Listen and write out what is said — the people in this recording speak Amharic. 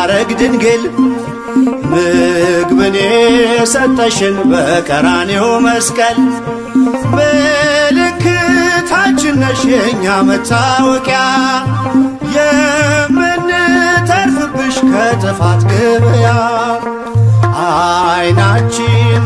ማረግ ድንግል ምግብን የሰጠሽን በቀራኔው መስቀል ምልክታችን ነሽ የእኛ መታወቂያ የምንተርፍብሽ ከጥፋት ግብያ አይናችን